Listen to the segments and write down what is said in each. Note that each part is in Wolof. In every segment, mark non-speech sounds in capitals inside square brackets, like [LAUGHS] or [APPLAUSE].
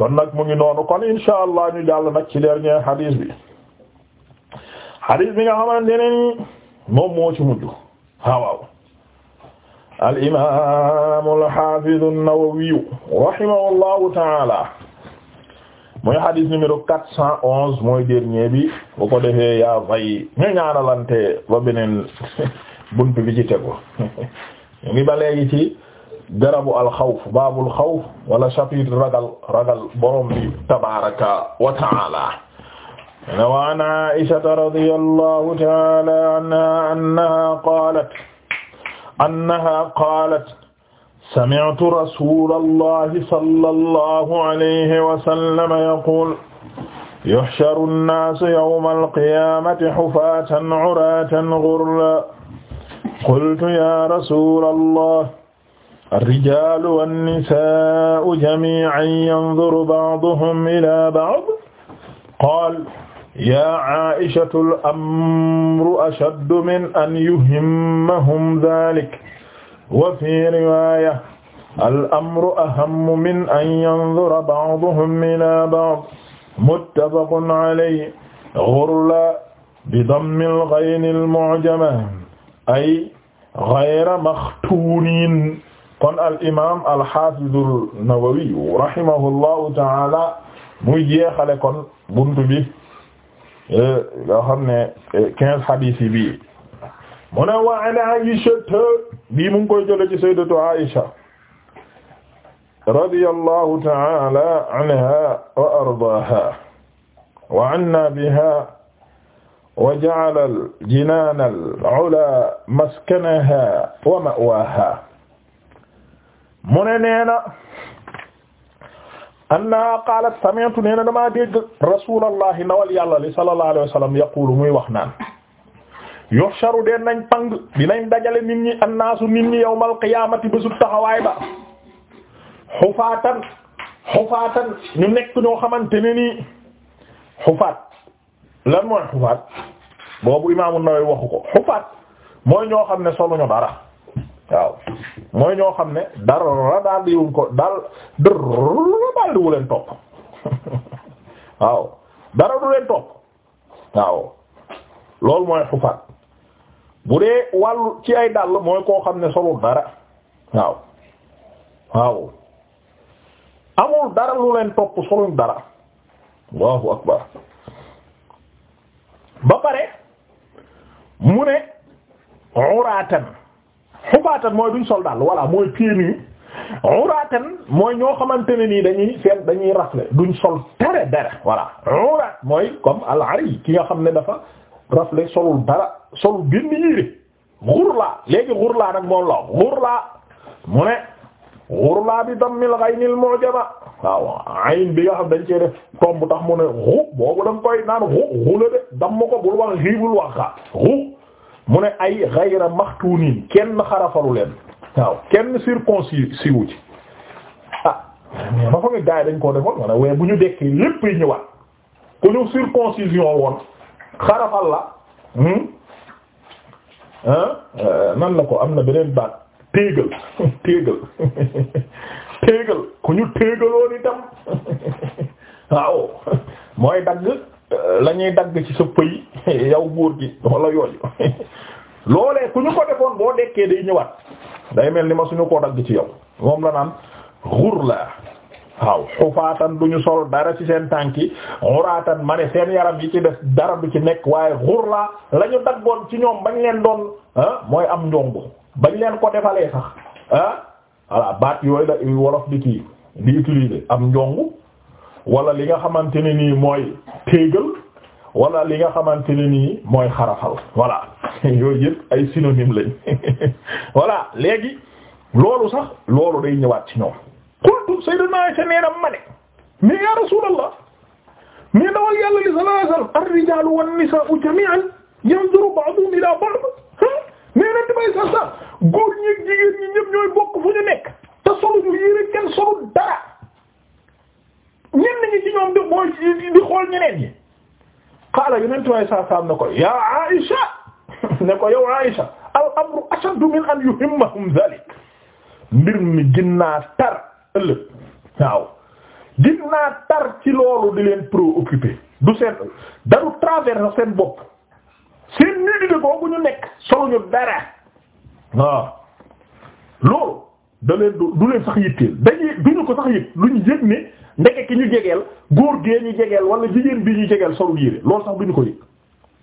kon nag mu ngi noonu kon insha allah ñu jàll nag ci dernier hadith bi hadith bi nga xamante ne moom moo ci mujj waaw al imaam al haafiz an-Nawawi rahimahullahu ta'ala mooy hadith numéro quatre cent onze mooy dernier bi bu ko defee yaa fay ñu ñaanalante ba beneen [LAUGHS] buntu bi ci tegu [LAUGHS] ñu ngi ba ci garabu alxawf baabul xawf wala chapitre ragal ragal borom bi tabaraka wa taala ne wa an aishata radi allahu taala anha annaha qaalat annaha qaalat sami'tu rasula allahi sallallahu alayhi wa sallam yaqul yuhsharu an-naasu yawma al-qiyaamati hufaatan 'uraatan ghurran qultu ya rasula allah ar-rijaalu wan-nisaa'u jamii'an yanzuru ba'duhum ilaa ba'd qaala yaa Aa'ishatu al-amru ashaddu min an yuhimmahum dhaalika wa fii riwaaya al-amru ahammu min an yanzura ba'duhum ilaa ba'd muttafaqun alayhi ghurla bidammi al-ghayni al-mu'jama ay ghayra makhtuunin kon al imaam al xaafizul nawawi rahimahullahu taala muy jeexale kon buntu bi yoo eh, xam ne eh, quinze hadith yi bii mu ne wa an Aisha bii mu ngi koy jële ci sayyidatu Aisha radiyallahu taala anha wa ardaaha wa anna biha wa ja'ala al jinaana al ula maskanaha wa ma'waha mu ne nee na annaha qaalat sami'tu nee na damaa dégg rasulallahi nawal yàlla li sallallahu alayhi muy wax naan yuhsharu deen nañ pang dinañ dajale nit ñi annaasu nit ñi yawmal qiyaamati bésu taxawaay ba xufaatan xufaatan ñu nekk ñoo xamante ne nii xufaat lan mooy xufaat boobu imaamu Nawawi waxu ko mooy ñoo xam ne soluñu dara waaw mooy ñoo xam ne dara daal di wuñ ko daal dara daal di leen topp [LAUGHS] waaw dara du leen topp waaw loolu mooy xufaat bu dee wàllu ci ay dàll mooy koo xam ne solul dara waaw waaw amul dara lu leen topp soluñ dara allahu akbar ba pare mu ne uraatan xubaatan mooy duñ sol daal voilà mooy pieds nus uraatan mooy ñoo xamante ne nii dañuy seet dañuy rafle duñ sol dara dara voilà uraat mooy comme al ari ki xam ne dafa rafle solul dara solul benn yére xurlaa léegi xurlaa nag moom la xurlaa mu ne xurlaa bi dammil ghaynil mu'jaba waaw ayn bi nga xam dañ cee def tomb tax mu ne xu boobu da koy naan xu xu de damm ko bul wax xii bul wax xaa xu mu ne ay ghayra maxtuuniin kenn xarafalu leen waaw kenn circoncis si wu ci ah mais nga gars dañ koo defoon ma waaye bu ñu dekkee yépp yi ñëwaat ku ñu circoncision woon xarafal la hmm? euh, nan na ko am na beneen baat téegal [LAUGHS] téegal [LAUGHS] téegal ku ñu téegaloon itam [LAUGHS] waaw mooy dagg la ñuy dagg ci sa pëy [LAUGHS] yow góor gi wala yooyu [LAUGHS] loolee ku ñu ko defoon boo dekkee day ñëwaat day mel ni ma suñu koo dagg ci yow moom la naan xur la waaw xufaatan du ñu sol dara ci seen tànk yi xuraatan ma ne seen yaram yi ci def dara du ci nekk waaye xur la lañu ñu daggoon ci ñoom bañ leen doon ah mooy am njong bañ leen ko defalee sax ah voilà baat yooyu la wolof di kii di utiliser am njong wala li nga xamante ne nii mooy téegal wala li nga xamante ni mooy xarafal voilà [LAUGHS] yooyu yëpp ay synonyme lañ [LAUGHS] voilà léegi loolu sax loolu day ñëwaat ci ñoom qultu sayyiduna Aisha nee na ma ne mi ya rasulallah mi dawal yàlla li sallallahu alayhi wasallam ar-rijalu wan-nisa'u jami'an yanzuru ba'duhum ila ba'd nee na damay sax sax góor ñi jigéen ñi ñëpp ñooy bokk fu ñu nekk te solu ñu yére kenn solu dara ñenn ñi ci ñoom di mooy di xool ñi qaala yonent waaye saa saam ne ko yaa Aïsha [LAUGHS] ne ko yow Aïsha al amru ashaddu min an yuhimmahum dhalik mbir mi ginnaa tar ëllëg waaw ginnaa tar ci loolu di leen préoccupé du seen daru traverse seen bopp seen nudité boobu ñu nekk solu ñu dara waaw loolu da leen du leen sax yitteel dañuy duñu ko sax yit luñu yëg ne ndeke ki ñu jegeel góor gee ñu jegeel wala jigéen bi ñu jegeel solul yére loolu sax duñu ko yëg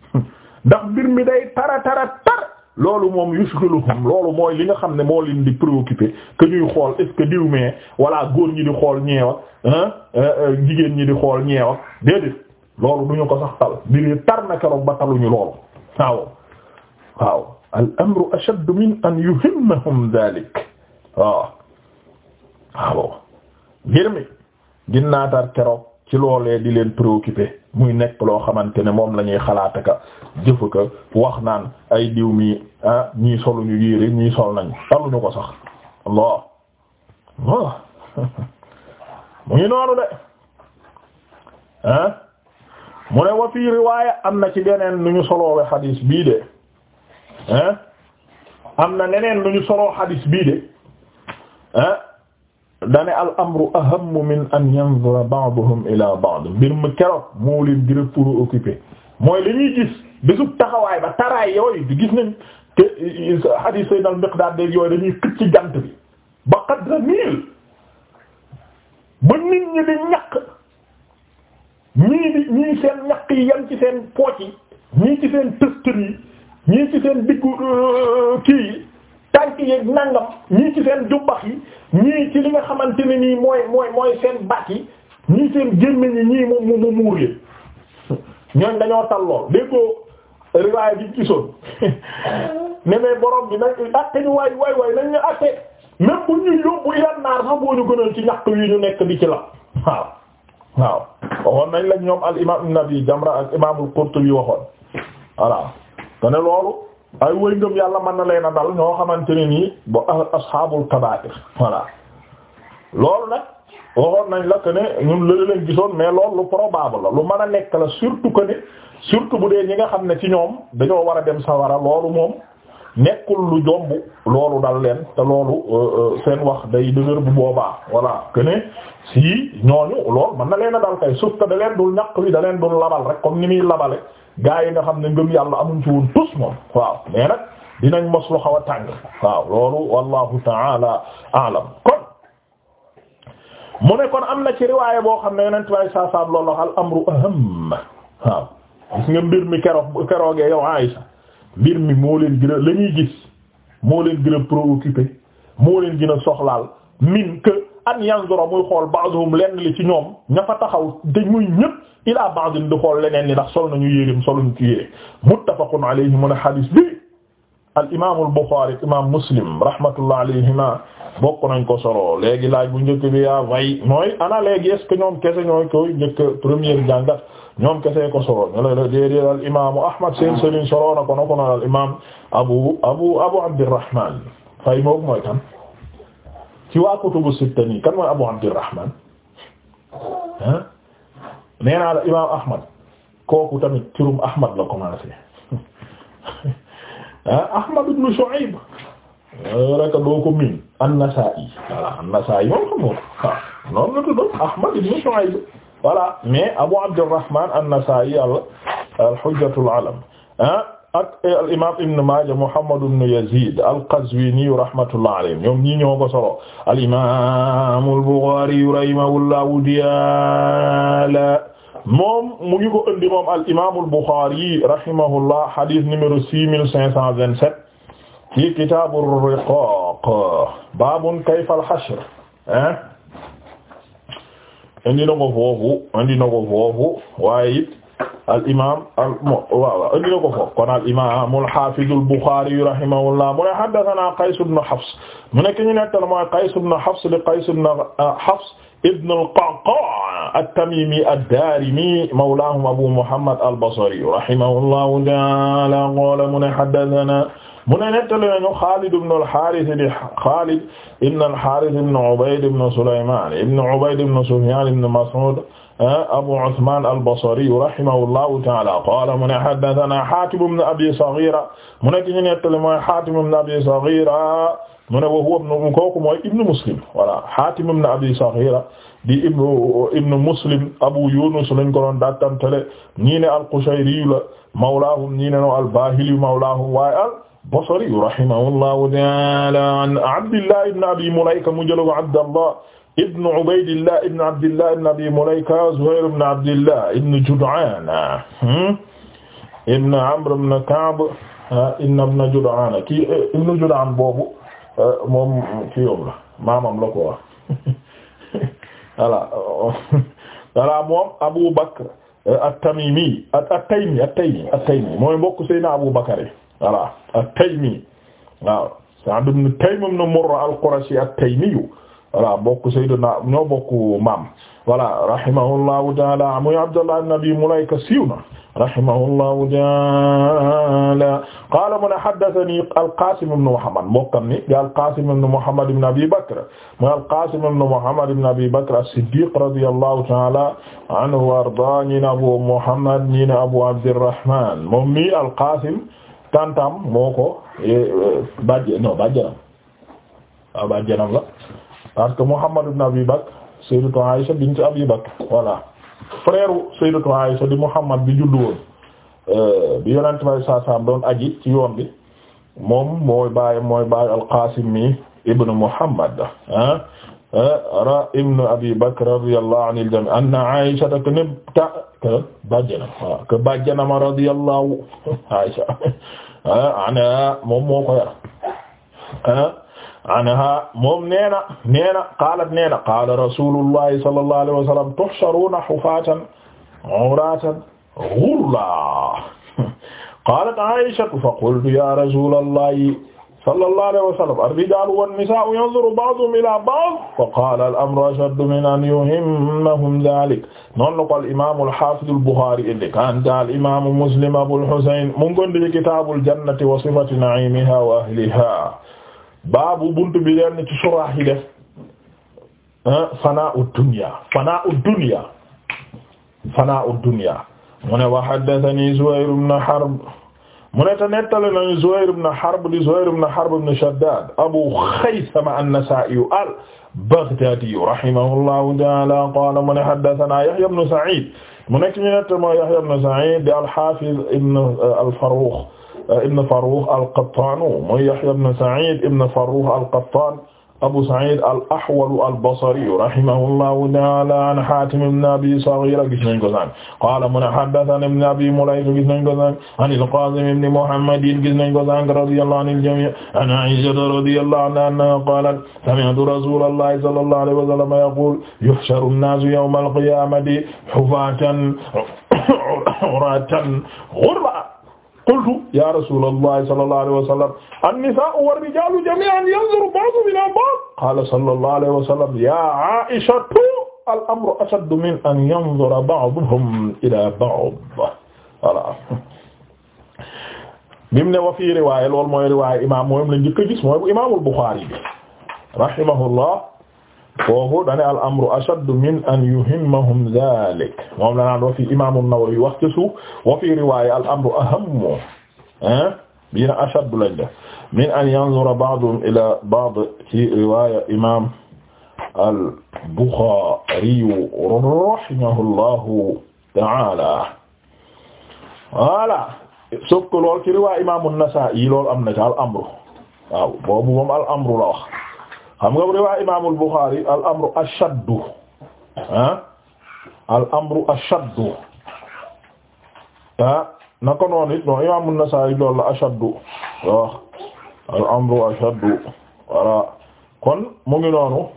[LAUGHS] ndax mbir mi day tara tara tar loolu moom yushghiluhum loolu mooy li nga xam ne moo li di préoccupé que ñuy xool est que diw mee wala góor ñi di xool ñeewa euh, euh, jigéen ñi di xool ñeewa déedéet loolu duñu ko sax tal mbiri tar na keroog ba taluñu loolu waaw waaw al amru ashaddu min an yuhimmahum dhalik waaw waaw mbir ginnaatar keroog ci loolee di leen préoccupé muy nekk loo xamante ne moom lañuy ñuy xalaat ka jëfa ka wax naan ay diw mi ah ñii soluñu yére ñii sol nañ taluñu ko sax Allah [LAUGHS] mu ngi noonu de ah mu ne wa waaye riwaaya am na ci beneen lu ñu soloowe xadiis bii de ah am na neneen nu ñu soloo xadiis bii de ah dane al amru ahammu min an yanzura ba'duhum ila ba'd mbir mu keroog moo leen gën a préoccupé mooy li ñuy gis bésub taxawaay ba taraay yooyu di gis nañ te eh, eh, hadith sayyid al miqdad de yooyu dañuy xëcc ci jant bi ba qadra niil ba nit ñi di ñaq ñii di ñii seen ñaq yi yam ci seen pooc yi ñii ci seen tëstër yi ñii ci seen diggu euh, kii yi tànk yeeg nangam ñii ci seen jumbax yi ñii ci li nga xamante ne nii mooy mooy mooy seen baat yi ñii seen gémmiñ ñi ñii moom moom mu muur leen ñooñ dañoo tal lool dégg ko riwaay bi gisoon [LAUGHS] ne mais borom bi nañ atte ñu waay waay waay nañ ñu atte même bu ñu yóbbu yan naar sax boo ñu gënal ci ñàkk wi ñu nekk bi ci la waaw waaw waxoon nañ la ñoom al imam Ibn Abi Jamra ak imam al waxoon voilà te ne loolu ay way yàlla mën na leen a dal ñoo xamante ne nii ba ah asxaabul kabaa'ir voilà loolu nag waxoon nañ la que ne ñun lële lañ gisoon mais loolu lu probable la lu mën a nekk la surtout que surtout bu dee ñi nga xam ne ci ñoom dañoo war a dem sawara loolu moom nekkul lu jomb loolu dal leen te loolu euh, euh, seen wax day dëgër bu boobaa voilà que ne si ñooñu loolu mën na leen a dal kay sauf que da leen dul ñaq wi da leen dul labal rek comme ni muy labale gaa yi nga xam ne ngëm yàlla amuñ ci woon tus moom waaw mais nag dinañ mos lu xaw a tàng waaw loolu wallahu taala alam kon mu ne kon am na ci riwaaya boo xam ne yonent way saasaam loolu al amru aham waaw gis nga mbir mi keroog keroogee yow Aïsa mbir mi moo leen gën a la ñuy gis moo leen gën a préoccupé moo leen gën soxlaal min que an yanzura muy xool ba'dhum lenn li ci ñoom ña fa taxaw te muy ñëpp ila ba'din di xool leneen ni ndax sol nañu yérim soluñ ci yére muttafaqun alayhi mun a hadis bi al imam al Bukhari imam Muslim rahmatullah alayhima bokk nañ ko solo léegi laaj bu njëkk bi yaa way mooy ana léegi est ce que ñoom kese ñooy koy njëkk première jàngat ñoom kese ko solo ñu la déedéet al imaamu Ahmad seen sëriñ solo na ko na ko na al imam abu abu abu Abdurrahman fay moom mooy tan ci waa kutubu sitta nii kan mooy Abu Abdirrahman ah nee naa la imaam Ahmad kooku tamit turum Ahmad la commencé ah [LAUGHS] Ahmad ibn Shu'ayb nasai voilà nasai moom xam nga ko ah noonu la tudd Ahmad Abu Abdirrahman an-Nasa'i al-Hujjatul Alam ak eh, al imaam Ibn Maaja Muhammad ibn Yaziid al-Qazwiini rahmatullahi alayhi ñoom ñii ñoo ko solo al imaam al-Bukhaari rahimahullahu ta'aala moom mu ngi ko indi moom al imaam al-Bukhaari rahimahullah hadith numéro six mille cinq cent vingt-sept ci kitaabu riqaaq baabun kayfa al-hashr ah indi na ko foofu indi na ko foofu waaye it al imaam al waaw indi na ko foofu kon al imaam al haafiz al Buxaari rahimahullah mu ne haddasanaa Qays ibn Hafs mu nekk ñu nekk mooy Qays ibn Hafs li Qays ibn ah, Hafs ibn al Qa'qaa' at-Tamiimi ad-Daarimi mawlaahum Abu Muhammad al Basri rahimahullahu ta'aala qaala mu ne haddasanaa mu ne nettali nañu Xaalid ibn al-Haaris di Xaalid ibn al-Haaris ibn Ubayd ibn Sulaymaan ibn Ubayd ibn Sufyaan ibn Mas'uud Ah, Abu Usman al-Basri rahimahullahu ta'ala qala mu ne haddathana Hatim ibn Abi Saghira mu nekk ñu nettali mooy Hatim ibn Abi Saghira mu ne wa huwa kooku mooy ibnu Muslim voilà Hatim ibn Abi Saghira di ibnu ibnu Muslim Abu Yunus lañ ko doon dattantale ñii ne al-Qushayri la mawlaahum ñii ne al-Bahili mawlaahum waaye al-Basri rahimahullahu ta'ala an Abdillah ibn Abi Mulayka mu jëloon Abdallah ibn Ubaydillah ibn Abdillah ibn Abi Mulayka Zuhayr ibn Abdillah ibn Jud'an hmm? ibn Amr ibn Ka'b ibn ibn Jud'an kii eh, ibn Jud'an boobu eh, moom kii yom la maamam la ko wax [LAUGHS] voilà voilà moom Abu Bakr at-Tamimi at-Taymi at-Taymi at-Taymi mooy mbokk Seydina Abu Bakr voilà at-Taymi waaw Sa'd ibn Taym ibn Murra al-Qurashi at-Taymi voilà bokk Seydina ñoo bokk maam voilà rahimahullahu taala muy Abdullah ibn Abi Mulayka siiw na rahimahullahu taala qaala mu ne haddathani al-Qasim ibn Muhammad mbokkam ni ya al-Qasim ibn Muhammad ibn Abi Bakr muy al-Qasim ibn Muhammad ibn Abi Bakr as-Siddiq radiyallahu taala anhu wa ardaa ñi ne Abu Muhammad ñi ne Abu Abdirrahman moom mi al-Qasim tantam moo ko eh, eh, bàjj no bàjjanam waaw ah, bàjjanam la parce que Muhammad ibn Abi Bakr sayyidatu Aisha bint Abi Bakr voilà frère sayyidatu Aisha di Muhammad bi juddu woon euh, bi yonent bi saa saam doon aji ci yoon bi moom mooy baay mooy baay al-Qasim mi ibn Muhammad ah ra ibn Abi Bakr radiyallahu anil jami' anna Aisha te ne ta que bàjjanam waaw que bàjjanam radiyallahu Aisha [LAUGHS] ana moom moo ko yar anha moom neena neena qaalat neena qaala rasulullahi sallallahu alayhi wa sallam tuhsharuna hufatan uratan ghurla qaalat aishatu fa qultu ya rasulallahi sallallahu alayhi wa sallam ar-rijalu wan-nisa'u yanzuru ba'duhum ila ba'd fa qala al-amru ashaddu min an yuhimmahum dhalik noonu la ko al-imam al-hafiz al-Bukhari indi kanta al-imam Muslim Abul Husayn mu ngi ko indi ci kitabul jannati wa sifati na'imiha wa ahliha baabu buntu bi leen ci surah yi def ah, fana'u dunya fana'u dunya fana'u dunya mu ne wa haddathani Zuhayr ibn Harb mu ne te nettali nañu Zuhayr ibn Harb di Zuhayr ibn Harb ibn Shaddad Abu Khaythama an-Nasa'i al-Baghdadi rahimahullahu ta'ala qala mu ne haddathana Yahya ibn Sa'id mu nekk ñu nett moo Yahya ibn Sa'id di al-Hafiz ibn al-Farrukh ibn Farrukh al-Qattan mooy Yahya ibn Sa'id ibn Farrukh al-Qattan Abu Sa'id al-Ahwal al-Basri rahimahullahu ta'ala an Hatim ibn Abi Saghira gis nañ ko sànq qaala mu ne haddathana ibn Abi Mulayka gis nañ ko sànq an al-Qasim ibn Muhammad gis nañ ko sànq radiyallahu anil jami' an Aisha radiyallahu anha qalat sami'tu rasulallahi sallallahu alayhi wa sallam yaqul yuhsharu an-nasu yawma al-qiyamati hufatan uratan [COUGHS] ghurla qultu ya rasulallahi sallallahu alayhi wa sallam an-nisaa'u war-rijaalu jamii'an yanzuru ba'duhum ilaa ba'd qaala sallallahu alayhi wa sallam ya aa'ishatu al-amru ashaddu min an yanzura ba'duhum ilaa ba'd voilà bim ne wa fii riwaaya loolu mooy riwaaya imaam mooy la njëkk a gis mooy bu imaamul Buxaari bi rahimahullah foofu dane al amru ashaddu min an yuhimmahum dhalik moom la naan wa fi imaamu Nawawi wax ci suuf wa fi riwaaya al amru ahammu ah bii na ashaddu lañ def min an yanzura ba'duhum ila ba'd ci riwaaya imaam al Buxaari rahimahullahu ta'ala voilà sauf que lool ci riwaaya imaamu Nasaa'i lool am na ci al amru waaw boobu moom al amru la wax. xam nga riwaa imaamul Buxaari al amru ashaddu ah al amru ashaddu ah naka noonu it moom imaamul Nasaa'i loolu la kon mu ngi noonu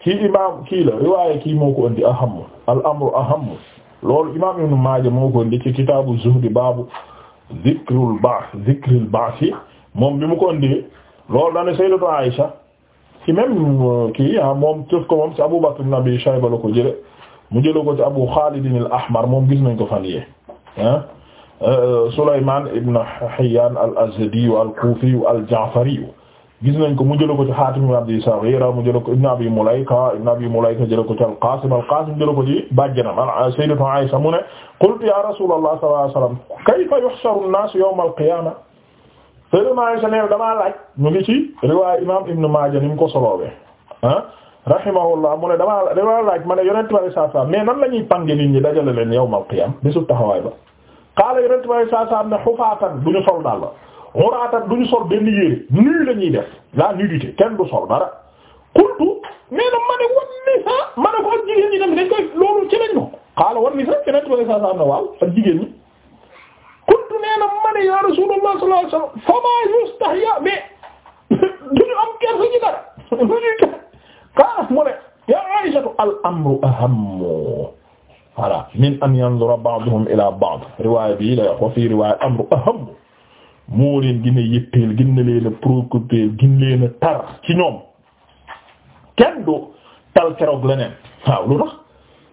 kii imaam kii la riwaaya kii moo ko indi aham al amru aham loolu imaam Ibnu Maaja moo ko indi ci kitaabu zuhdi baabu zikrul ba'th moom bi mu ko indi loolu dañu sayyidatu Aisha ci même euh, kii ah moom cëf ko moom ci Abu Bakr ibn Abi Shayba la ko jële mu jële ko ci Abu Khalid al-Ahmar moom gis nañ ko fan yee ah euh, Sulayman ibn Hayyan al-Azdi al-Kufi al-Ja'fari gis nañ ko mu jële ko ci Hatim ibn Abi Saghira mu jële ko ibn Abi Mulayka ibn Abi Mulayka jële ko ci al-Qasim al-Qasim jële ko ci bàjjanam ah, ah, Sayyidatu Aisha mu ne qultu ya Rasulullah sallallahu alayhi wasallam kayfa yuhsharu an-nas yawm al-qiyamah seulement sa neew damaa laaj ñu ngi ci riwaay imam Ibn Maaja ni mu ko soloowe ah rahimahullah mu ne damaa damaa laaj ma ne yonent bi alayhi salaam mais nan la ñuy pange nit ñi dajale leen yawmal qiyaam bésu taxawaay ba xaala yonent bi alayhi salaam ne xufaatan du ñu sol daal la xuraatan du ñu sol benn yére nii la ñuy def la nudité kenn du sol dara qultu nee na ma ne wan nisa ma ne ko ak jigéen ñi dem dañ koy loolu ci lañ xaala wan nisa yonent waaw ak jigéen ñi nee na ma ne ya rasulullah sallallahu alayhi wasallam fama yustahya mais [LAUGHS] duñu am kersa ci dara luñu [LAUGHS] ka mu ne ya Aysatu al amru ahammu voilà min an yanzura ba'duhum ila ba'd riwaaya bi la wax fi riwaaya amru aham moo leen gën a yitteel gën na leen a préoccupé gën leen a tar ci ñoom kenn du tal keroog leneen waaw lu tax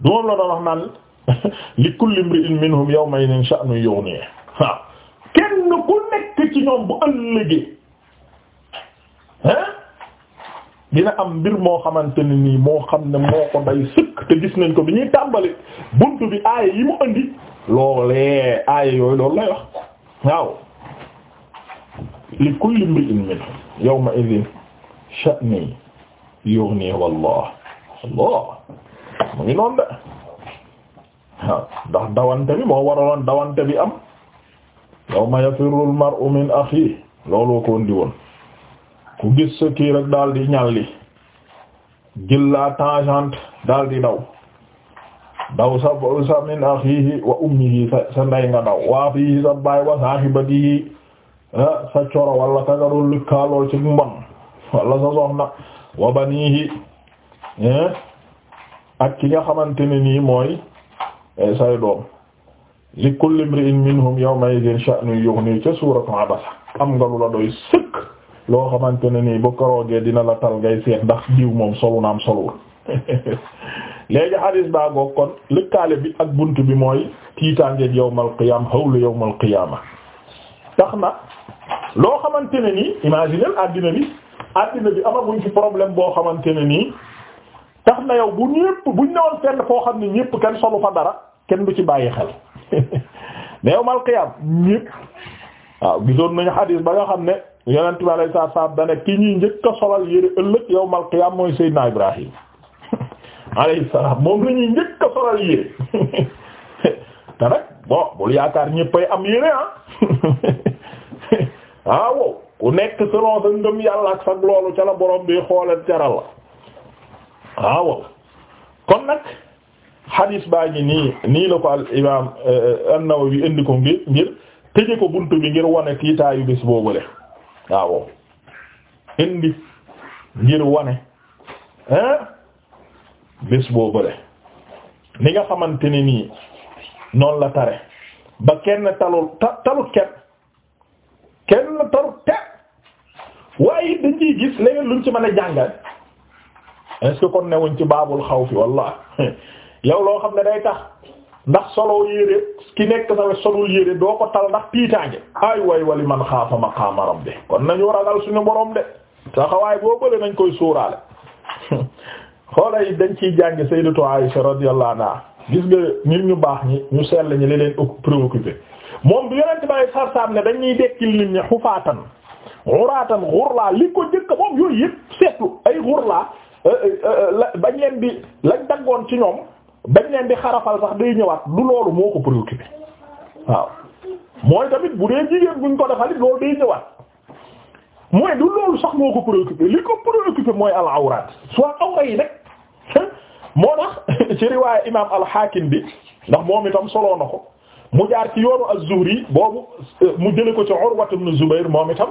du moom la doon wax naan [LAUGHS] li kulli imri'in minhum yawma idhin sha'nun yughnihi waaw kenn ku nekk ci ñoom bu ëllëgee hein dina am mbir moo xamante ne nii moo xam ne moo ko day sëkk te gis nañ ko bi ñuy tàmbali buntu bi aaya yi mu andi loolee aaya yooyu loolu lay wax waaw li kulli imri'in minhum yawma idhin sha'ni dawante bi moo waraloon dawante bi am yawma yafirru al-mar'u min akhihi looloo ko ndi ku gis sa rek daal di ñalli jël la tangente daw daw sa sa min akhihi wa ummihi sa sa ndey nga daw waa fii sa baay wa saahibatihi sa coro wala ka nga doon lëkkaalool ci sa soxna wa banihi ak ki nga xamante ne nii mooy eh, say doom li kulli imri'in minhum yawma idin sha'nun yughni ca suuratu abasa am nga lu la doy sëkk loo xamante ne nii bu karoogee dina la tal ngay seet ndax diw moom solu am soluwul [LAUGHS] léegi hadis baa ngoog kon lëkkaale bi ak bunt bi mooy tiitaangeeg yawmal qiyaam hawlu yawmal qiyaama tax na loo xamante ne nii imaginez addina bi addina bi amaguñ ci problème boo xamante ne nii tax na yow bu ñépp buñ newoon fenn foo xam ne ñépp kenn solu fa dara kenn du ci bàyyi mais [LAUGHS] yawmal qiyaam ñépp waaw gisoon nañu xadiis ba nga xam ne yonent bi alayhi salaatu salaam dane ki ñuy njëkk a solal yére ëllëg yawmal qiyaam mooy Seydina Ibrahim [LAUGHS] alayhi salaam moom la njëkk a solal yére [LAUGHS] te nag bon bul yaakaar ñéppay am yére ah, ah waaw ku nekk selon sa ngëm yàlla ak sa loolu ca la borom bi xoolal jaral la ah, waaw kon nag. xadis baa ngi nii nii la ko al imaam eh, eh, an-Nawawi indi ko ngir ngir tëje ko bunt bi ngir wane tiitaayu bés boobule waaw indi ngir wane hein eh, bés boobule ni nga xamante ne nii noonu la tare ba kenn talul ta talut kenn kenn talut waaye dañ ciy gis léegi luñ ci mën a jàngal est-ce newuñ ci baabul xawfi walla [LAUGHS] yow loo xam ne day tax ndax solo yére ki nekk sax solul yére doo ko tal ndax tiitaange ay way wali man xaafa maqaama rabbi kon nañu war ragal suñu borom de taxawaay boo bëri nañ koy suuraale [LAUGHS] xoola yi dañ ciy jàngi sayyidatu Aisha radiyallahu anha gis nga nit ñu baax ñi ñu sell ñi li leen préoccupé moom du yonent bay sarsaam ne dañuy dekkil nit ñi xufaatan xuraatan xurlaa li ko jëkk moom yooyu yëpp seetlu ay xurlaa euh, euh, euh, bañ leen bi lañ daggoon ci ñoom dañ leen di xarafal sax day ñëwaat du loolu moo ko préoccupé waaw mooy tamit bu dee jigéen buñ ko defalit loolu day ñëwaat mooy du loolu sax moo ko préoccupé li ko préoccupé mooy al awraat soit awra yi nag moo tax ci riwaaya imaam al-Hakim bi ndax moom itam soloo na ko mu jaar ci yoonu az-Zuhri boobu mu jële ko ci Urwa ibn Zubayr moom itam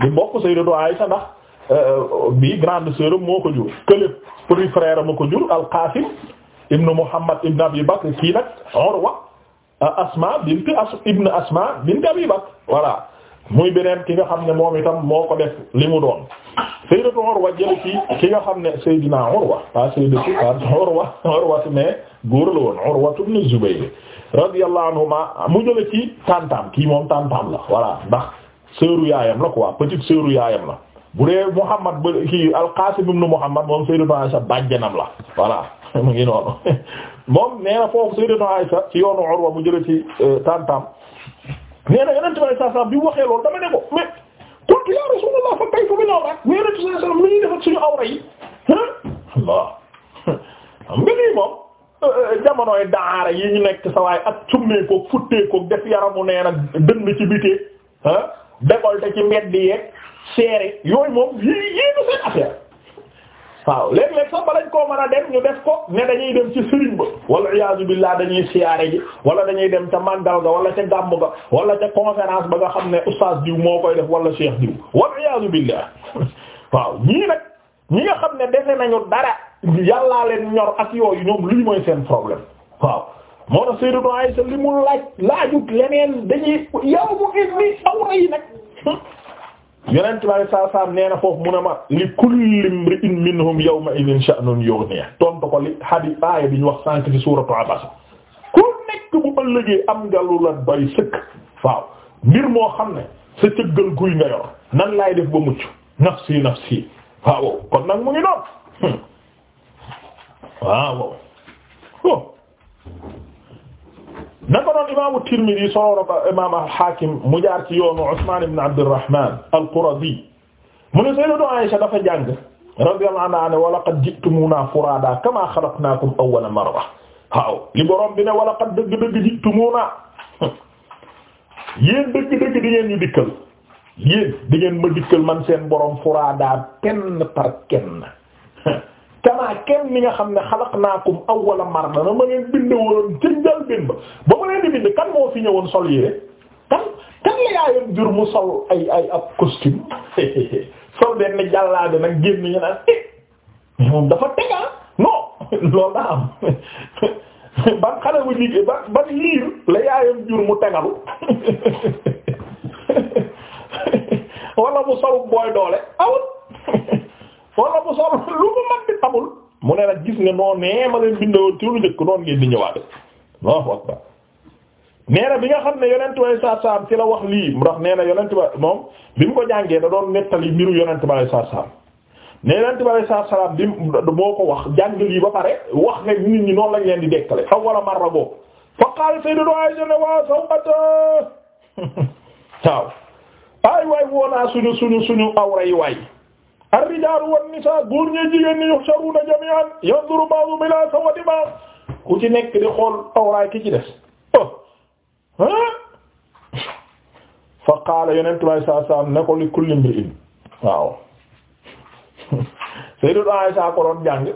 di bokk Sayyidatu Aisha ndax euh, bi grande sœur moo ko jur kële petit frère ko jur al-Qasim ibnu Muhammad ibnu Abi Bakr kii nag Urwa Asma bint as ibnu Asma bint Abi Bakr voilà muy beneen ki nga xam ne moom itam moo ko def li mu doon sayyidatu Urwa jële ci ki nga xam ne sayyidina Urwa wa sayyidatu Urwa Urwa si mais góor la woon Urwa ibn mu jële ci tantam kii moom tantam la voilà ndax sœuru yaayam la quoi petite sœuru yaayam la bu dee Muhammad ba kii al-Qasim ibn Muhammad moom sayyidatu Aisha bàjjanam la voilà [LAUGHS] mu ngi noonu [LAUGHS] moom nee na foofu sayyidatu Aisha ci yoonu Urwa mu jële ci euh, tantam nee na yonent bi saa saa bi waxee loolu dama ne ko mais qultu ya Rasulullah fa kayfa bil awra mais yonent bi saa saa lu ñuy def ak suñu awra yi Allah [LAUGHS] xam nga lii moom euh, euh, jamonoy daara yi ñu nekk sa waay ak summee ko futtee ko def yaramu nee na dënd ci bitee ah décolleté ci mbedd yeeg seere yooyu moom yii yii du seen affaire waaw léeg-léeg sax balañ koo man a dem ñu def ko ne dañuy dem ci sëriñ ba wala iyaazu billah dañuy siyaare ji wala dañuy dem ca màndal ga wala ca gàmm ga wala ca conférence ba nga xam ne oustaz diw moo koy def wala cheikh diw wala iyaazu billah [LAUGHS] waaw ñii nag ñi nga xam ne defe nañu dara yàllaa leen ñor ak yooyu ñoom lii mooy seen problème waaw moo tax Seydou Noa yi li mu laaj laajut leneen dañuy yow mu indi awra yi nag. [LAUGHS] yonent bi alayhi salaatu salaam foofu mu ne ma li kulli imri'in minhum yawma idhin sha'nun yughnihi tontu li hadi aaya bi ñu wax sànq ci suuratu Abasa ku nekk bu ëllëgee am nga lu la doy sëkk waaw mbir moo xam ne sa cëggal guy nga yor nan lay def ba mucc nafsi nafsi waaw kon nag mu ngi noonu hmm. waaw. naka noonu imaamu Tirmidi solo na imaam al-Hakim mu jaar ci yoonu Usmaan ibn Abdurrahman al-Quradi mu ne Sayyidatu Aisha dafa jàng radiyallahu anha wa laqad ji'tumuuna furaada kamaa xalaqnaakum awwala marra waaw li borom bi ne wa laqad dëgg-dëgg ji'tumuuna yéen dëgg-dëgg di ngeen ñu dikkal yéen di ngeen ma dikkal man seen borom furaada kenn par kenn. kamaa kenn mi nga xam ne xalaqnaakum awwala marra na ma leen bind woon ci njëlbéen ba ba ma leen di bind kan moo fi ñëwoon sol yére kan kan la yaayam jur mu sol ay ay ab costume [LAUGHS] sol benn jàllaabe nag génn ñu naan eh moom dafa teg ah non daa [LAUGHS] am [LAUGHS] ban xale bu jigéen ban ban liir la yaayam jur mu tegalu wala mu sol booy doole awut wala bu soobee [LAUGHS] lu mu mën di xamul mu ne nag gis nga noonu nee ma leen bindoo ci lu njëkk noonu ngeen di ñëwaat Allahu akbar nee bi nga xam ne yonent way saar saam ci la wax lii ndax nee na yonent ba moom bi mu ko jàngee da doon nettali mbiru yonent ba lay saar saam ne yonent ba lay saar saam bi moo ko wax jàng lii ba pare wax ne nit ñi noonu lañ leen di dekkale xaw wala marra boobu fa qaal sayyidatu Aisha ne waa sawqata [LAUGHS] waaw ay waay woonaa suñu suñu suñu awra yi waay ar-rijaalu wan-nisaa góor ñee jigéen ñi yuhsharuna jami'an yanzuru ba'dhum ila sawati ba'd ku ci nekk di xool awraay ki ci des oh. fa qaala yonent bi saa saa ne ko li kulli imri'in waaw [LAUGHS] Sayyidatu Aysa ko doon jàng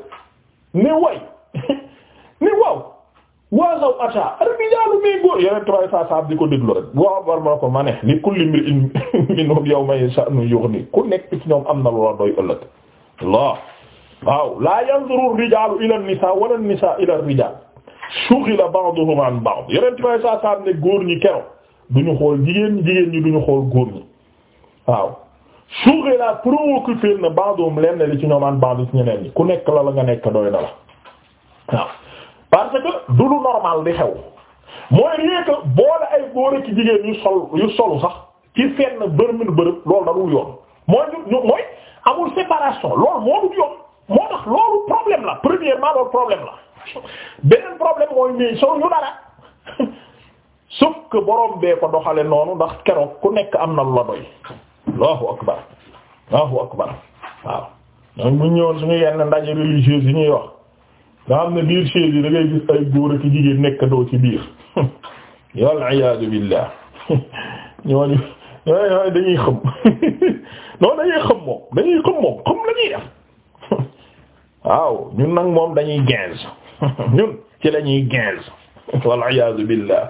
ni way [LAUGHS] ni waaw waa law ata rijaalu mi góor yeneen tubaab saa saa di ko déglu rek waaw war ma ko ma li [LAUGHS] ku nekk ci ñoom am na loola doy ëllëg Allah waaw laa yanzuru ar-rijaalu ila an-nisaa wala an ku nekk la la nga nekk doy na la waaw. parce que du lu normal di xew mooy léegi boole ay góor ak jigéen yu sol yu solu sax ci fenn bërëb bërëb loolu darul yoon mooy ñu mooy amul séparation loolu moo dul yoon moo tax loolu problème la premièrement loolu problème la beneen problème mooy nii soo ñu dara [LAUGHS] sauf que borom bee ko doxale noonu ndax keroog ku nekk am na lu la doy allahu akbar allahu akbar waaw ñooñu bu ñëwoon suñu yenn ndaje religieux yi ñuy wax. nga na ne biir chaise yi da ngay ay góor ak jigéen doo ci biir wal iyaadu billah ñooñu dañuy xam non dañuy xam moom dañuy xam moom xam la ñuy ñun nag moom dañuy ginze ñun ci la ñuy ginze wal iyaadu billah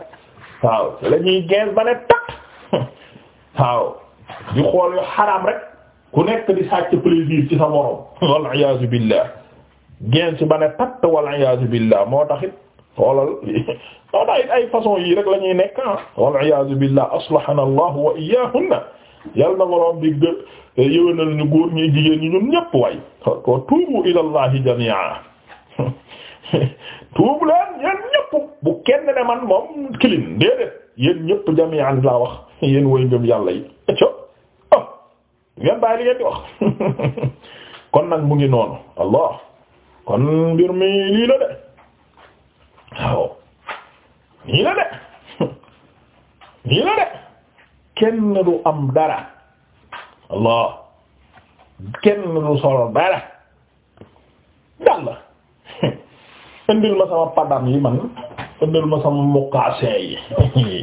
waaw ci la ñuy ba ne takk waaw di xool yu xaraam rek ku nekk di sàcc plaisir ci sa morom wal iyaadu billah geen ci ba ne patt wal iyaazu billah moo taxit taxit ay façon yii rek la nekk ah. wal iyaazu billah aslahana allah wa iyyahunna yal na boroom bi gë yëwénal ñu góor ñuy jigéen ñi ñun ñëpp way tuubu ila allahi jami'a [LAUGHS] tuubu leen yéen ñëpp bu kenn ne man moom kilin déedéet yéen ñëpp jami'an laa wax yéen way ngëm yàlla yi co oh ngeen li ngeen di wax [LAUGHS] kon nag mu ngi noonu allah kon mbir mi lii de waaw nii de nii [LAUGHS] de kenn du am dara Allah kenn du solo dara yàlla [LAUGHS] indil ma sama padam yi man indil ma sama moccasin yi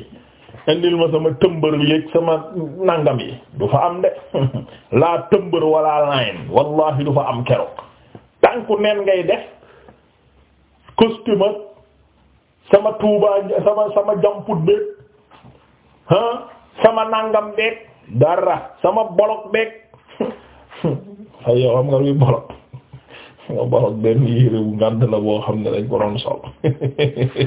[LAUGHS] indil ma sama tëmbër yéeg sama nangam yi du fa am de laa tëmbër wala layn wallahi du fa am keroog tànku neen ngay def costume sama tuubaa sama sama jamput beeg sama nangam beeg dara sama bolok beeg [LAUGHS] ay am nga luy bolok nga bolok benn yére bu ngànd la boo xam ne dañ ko doon sol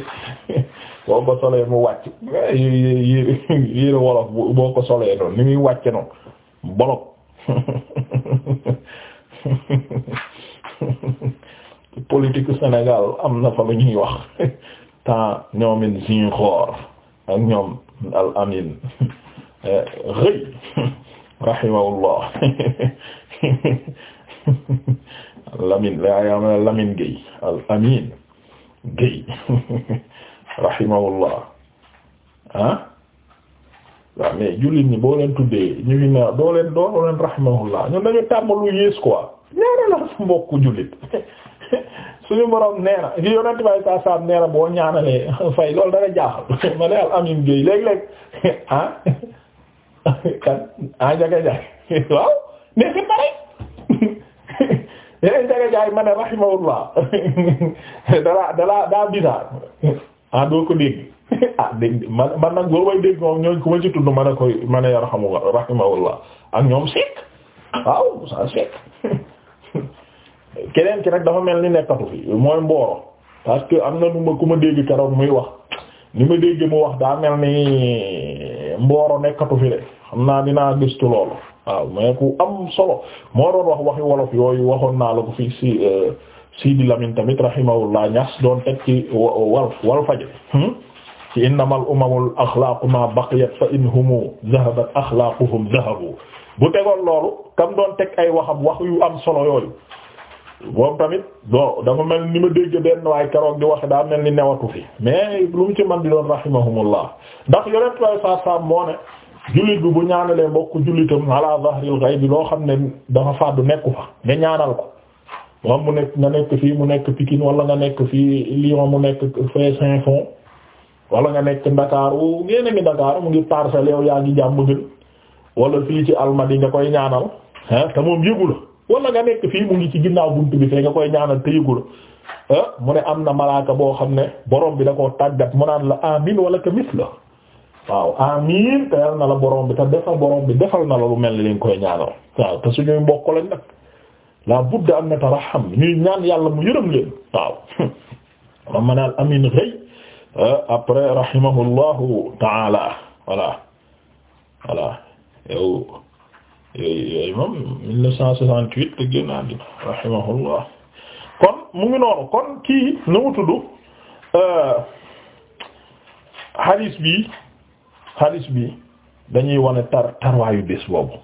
[LAUGHS] boo ko solee mu wàcc yére wolof boo ko solee noonu ni muy wàcce noonu bolok [LAUGHS] politique Sénégal am na fa lu ñuy wax [LAUGHS] temps ñoomin Ziguinchor ak ñoom al amin [LAUGHS] eh, rëy [LAUGHS] rahimahullah Lamine amin Gueye rahimahullah ah waaw mais jullit ñi boo leen tuddee ñu ngi ne doo leen doo leen dañu tàmm lu yées quoi ñaanal la sa mbokku jullit [LAUGHS] suñu borom nee na ci yonent bay saa saam nee na boo ñaanalee [LAUGHS] fay loolu dana jaaxal [LAUGHS] ma ne al amin Gueye léeg-léeg ah kan ah Ndiaga Ndiaye waaw mais c'est pareil yeneen Ndiaga ma ne rahimahullah dalaa dalaa daa bizarre ah doo ko dégg ah dégg man man nag boo may dégg moom ñooñ ku ma ma ne koy ma ne yarhamu rahimahullah ak ñoom Seck waaw saa Seck. keneen ki rek dafa mel ni nekkatu fi mooy mbooro parce que am na nu ma ku ma dégg keroog muy wax ni ma dégg mu wax daa mel ni mbooro nekkatu fi de xam naa dinaa gëstu loolu waaw mais ku am solo moo doon wax waxi wolof yooyu waxoon naa la ko fii si euh, di Lamine tamit rahimahullah ñas doon teg ci wal wal faje hmm? ci innamal umamul axlaaqu ma baqiyat fa in humu zahabat axlaaquhum zahabu bu tegoon loolu kam doon teg ay waxam wax yu am solo yooyu moom tamit doo dafa mel ni ma dégg benn waay keroog di waxe daa mel ni newatu fi mais lu mu ci man di doon rahimahumullah ndax yonent way saab moo ne jullit bi bu ñaanalee mbokk jullitam ala zahril ghaib bi loo xam ne dafa fàddu nekku fa nga ñaanal ko moom mu nekk nga nekk fii mu nekk Pikine wala nga nekk fii Lyon mu nekk fee Saint-Fond wala nga nekk Ndakaaru ngeen a ngi Ndakaaru mu ngi Parcelles yaa ngi jàmm gën wala fii ci Almadies nga koy ñaanal moom yëgu wala nga nekk fii mu ngi ci ginnaaw buntu bi fee nga koy ñaanal te yëgul ah, mu ne am na malaaka boo xam ne boroom bi da ko tàggat mu naan la amin wala ka mis la waaw amin te yal na la borom bi te defal borom bi defal na la lu mel ni li koy ñaanal waaw te suñuy mbokk lañ nag la budda am na taraham ñuy ñaan yàlla mu yërëm leen waaw [LAUGHS] man ma amin rëy ah, après rahimahullahu taala voilà voilà yow yooyu moom 1968 te génn àddina rahimahullah kon mu ngi noonu kon kii nu mu tudd euh, hadis bi hadis bi dañuy wone tar tarwaayu bés boobu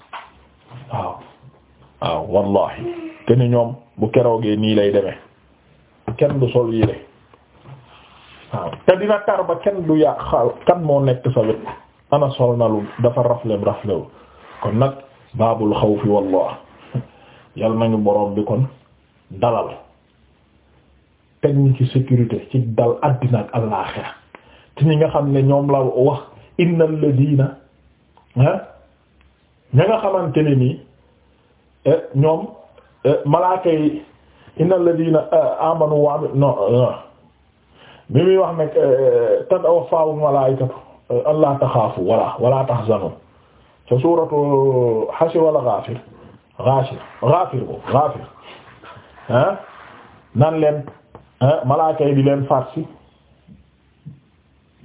waaw waaw wallahi te ñoom bu keroogee nii lay demee kenn du sol yi rek waaw te dina tar ba kenn du yàq xaal moo nekk sa ana sol na lu dafa raflem raflew kon nag baabul xawfi wallah yal nañu boroom bi kon dalal teg ñu ci sécurité ci dal àddina ak àllaaxira ci ñi nga xam ne ñoom la wax innal ladina ah ña nga xamante ne nii eh, ñoom eh, malaaka eh, wa non bi wax nag tatawaffahumul malaa'ikatu allaa taxaafu wala ca suuratu Hashr wala Ghaafir Ghaafir Ghaafir bo Ghaafir ah nan leen ah, malaaka yi di leen faat si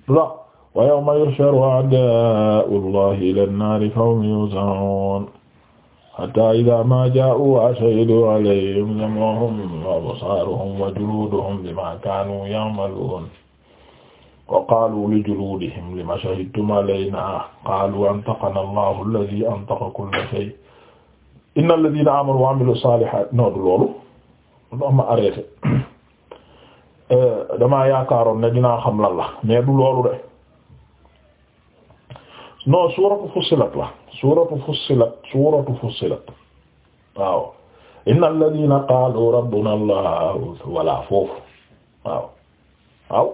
lu wa yawma yuhsharu a'daa'u llahi ila nnaari fahum yuz'aruun hattaa idhaa maa jaa'uuhaa shahida 'alayhim sam'uhum wa absaaruhum wa juluuduhum bimaa kaanuu ya'maluun wa qaalu li juluudihim lima shahidtum alaynaa qaalu antaqana allahu allazii antaqa kulla shay inna allaziina aamanu wa amilu saalihaat noodu loolu ndox ma arrêté euh, damaa yaakaaroon ne dinaa xam lan la mais du loolu de non suuratu Fussilat la suuratu Fussilat suuratu Fussilat waaw inna allaziina qaalu rabbunaa allah wala foofu waaw waaw.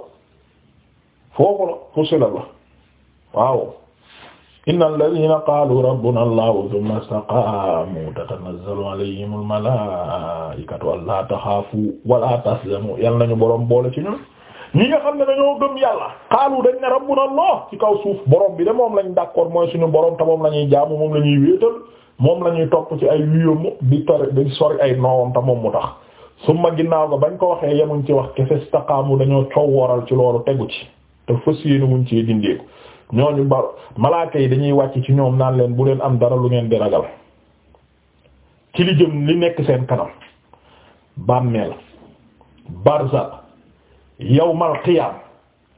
foofu la fusila la waaw inna alladhina qaalu rabbuna allahu thumma istaqaamu tatanazzalu alayhim almalaa'ikatu allaa taxaafu walaa tahzanu yal nañu boroom boole ci ñun ñi nga xam ne dañoo gëm yàlla qaalu dañ ne rabbuna allah ci kaw suuf borom bi de moom lañ d'accord mooy suñu borom tamoom moom la ñuy jaamu moom la ñuy wéetal moom la ñuy topp ci ay wiyom di tori sori ay noowam te moom mu tax summa ginnaaw ga bañ ko waxee yemuñ ci wax kese istaqaamu dañoo coow waral ci loolu tegu ci te fas yéene wuñ cee dindeeku ñooñu ba malaaka yi dañuy wàcc ci ñoom naan leen bu leen am dara lu ngeen di ragal ci li jëm li nekk seen kanam bàmmeel barza yawmal qiyaam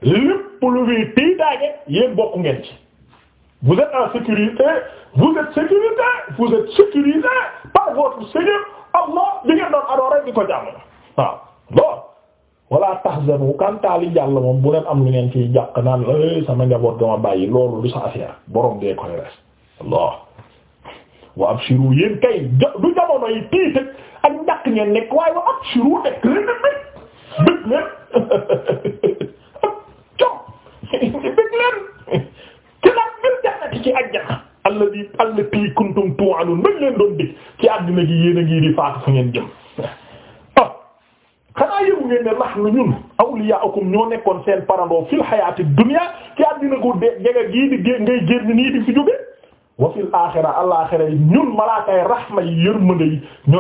lépp lu fi tiitaage yéen bokk ngeen ci vous êtes en sécurité vous êtes sécurité vous êtes sécurisé par votre Seigneur Allah bi ngeen doon adorer di ko jàmm waaw wala tahzanu kanta li jàll moom bu leen am lu ngeen ciy jàq naan eh, sama njaboot ga ma bàyyi loolu du sa affaire borom dee koy res Allah wa abshiru yéen kay du jamono yi tiit ak njàq ngeen nekk waaye wa abshiru nekk leen di bég bég leen [LAUGHS] com [LAUGHS] bég leen ci la bil jannati ci àjjana kuntum tu'adun leen doon dig ci àddina gi yéen a ngi di faatu fu ngeen jëm [LAUGHS] xanaa yëgu ngeen ne nahnu ñun awliyaakum ñoo nekkoon seen parandoo fil hayaati dunya ci àddina gu de jege gii di gé ngay génn nii di fi jóge wa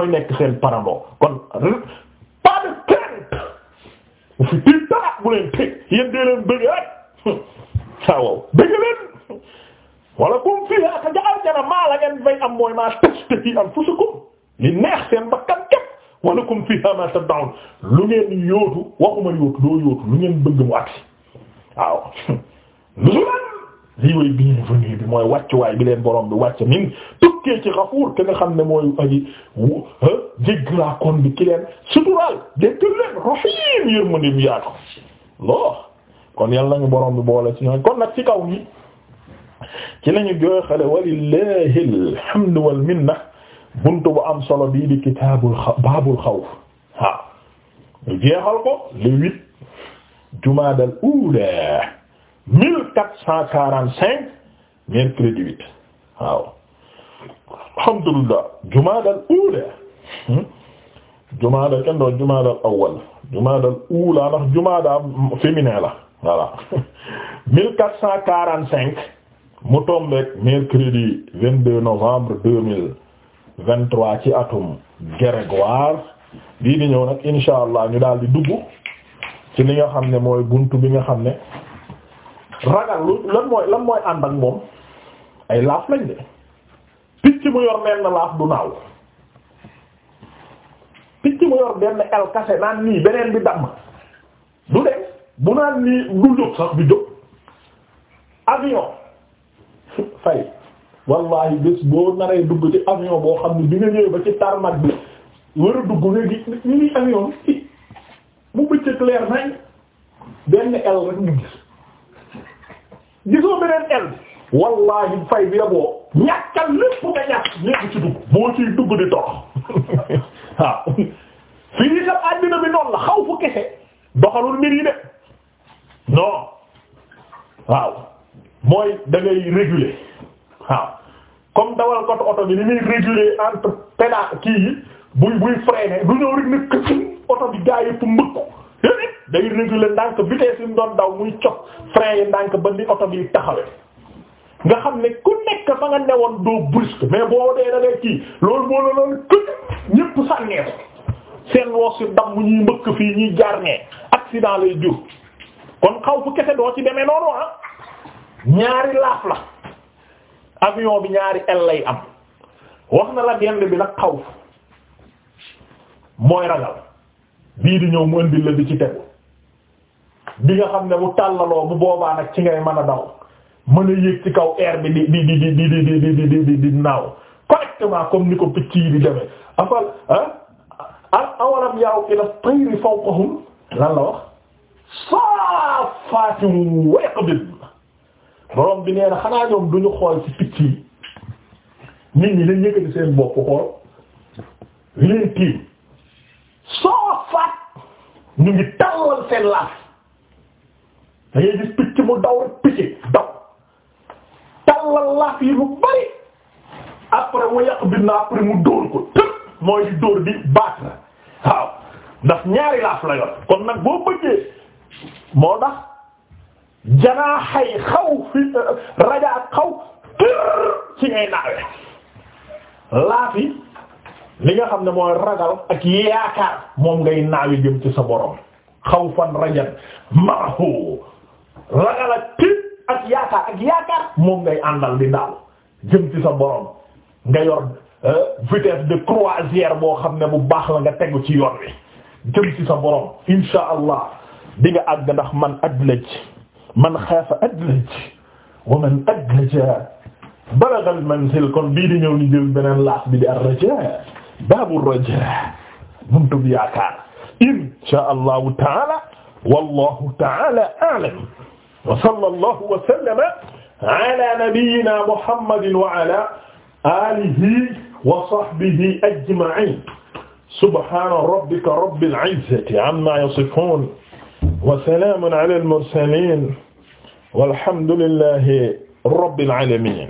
nekk seen parandoo kon pas de bu fi tiit dara bu leen [LAUGHS] teg maa la ngeen fay am mooy maa test fii anfusukum li neex seen bakkan wa lakum fiha ma tad'un lu ngeen yóotu waxuma yóotu doo yóotu lu ngeen bëgg mu agsi waaw nuzulan [LAUGHS] lii way bienvenue bi mooy wàccuwaay bi leen borom bi wàcc min tukkee ci xafuur te nga xam ne mooy aji jéggalaa kon bi ki leen suturaal jéggal leen rahim yërmande bi yaatu loo kon yal nañu borom bi boole ci ñoom kon nag ci kaw ni ci lañu jooy xale walillahi alhamdu wal minna buntu bu am solo bii di kitaabul baabul xawf waaw ñu jeexal ko le huit jumaadal uula mille quatre cent quarante cinq mercredi huit waaw alhamdulillah jumaadal uula hmm? jumaada kenn uula ndax jumaada féminin la voilà [LAUGHS] mille quatre cent quarante cinq mu tombe mercredi vingt deux novembre vingt-trois ci atum grégoire bii di ñëw nag insha allah ñu daal di dugg ci li nga xam ne mooy buntu bi nga xam ne ragal lu lan mooy lan mooy ànd ak moom ay laaf lañ de picc mu yor benn laaf du naaw picc mu yor benn el naan nii beneen bi damm du dem bu naan nii du jóg sax du jóg avion [LAUGHS] fay wallahi bés boo naree dugg ci avion boo xam ne bi nga ñëwee ba ci tarmac bi war a dugg nga gis ñu ngi avion bi mu benn el rek ñu gis gisoo beneen el wallahi fay bi yaboo ñàkkal lépp nga ñàkk lépp ci dugg boo ciy dugg di tox [LAUGHS] waaw fii nii sax àddina bi noonu la xaw fu kese doxalul mbir yi de non waaw mooy da ngay waaw comme dawal ko oto bi ni muy réguler entre pédale kii yi buy buy freiner du ñëw rek nekk oto bi gaa yëpp mbëkk day réguler ndànk vitesse yi mu doon daw muy cox frein yi ndànk ba ni oto bi taxawee. nga xam ne ku nekk fa nga newoon doo brusque mais boo dee da ngay loolu moo la loolu kër ñëpp sànnee ko seen woos si dam ñuy mbëkk fii ñuy jaar ne accident lay jur kon xaw fu kese doo ci demee noonu ah ñaari laaf la. avion bi ñaari el lay am wax na la genn bi nag xawf mooy ragal bii di ñëw mu la di ci tegu bi nga xam ne bu tàllaloo bu boobaa nag ci ngay mën a daw mën a yéeg ci kaw air bi di di di di di di di di di di naaw correctement comme ni ko picc yi di demee afal ah awalam yaraw ila tayri fawqahum lan la wax saafaatin waqbid borom bi nee na xanaa ñoom duñu xool ci picc yi nit ñi dañ yëkkati seen bopp xool lii tiim soo faat ñu ngi tallal seen laaf da ngay gis picc mu daw rek picc daw tallal laaf yi lu bari après mu yàq bi na après mu dóor ko tëb mooy di dóor bi baat na waaw ndax ñaari laaf la yor kon nag boo bëggee moo tax janaaxay xaw fi euh, rajaa ak ci ngay naawe laafi li nga xam ne mooy ragal ak yaakaar moom ngay naawi jëm ci sa borom xaw fan rajan maahu ragal ak ak yaakaar ak yaakaar moom ngay àndal di ndaal jëm sa borom nga yor euh, vitesse de croisière boo xam ne bu baax la nga tegu ci yoon wi jëm ci sa borom insha allah di nga àgg ndax man adlaj man xaafa adlaj wa man adlaja balagha al manzil kon bii di ñëw ñu jël beneen laas bi di ar-raja baabu ar-raja buntu bi yaakaar insha allahu taala wallahu taala a'lam wa sallallahu wa sallama ala nabiyyina muhammadin wa ala alihi wa sahbihi ajma'in subhana rabbika rabbil izzati amma yasifun wa salaamun ala al mursaliin walhamdu lillahi rabbil aalamiin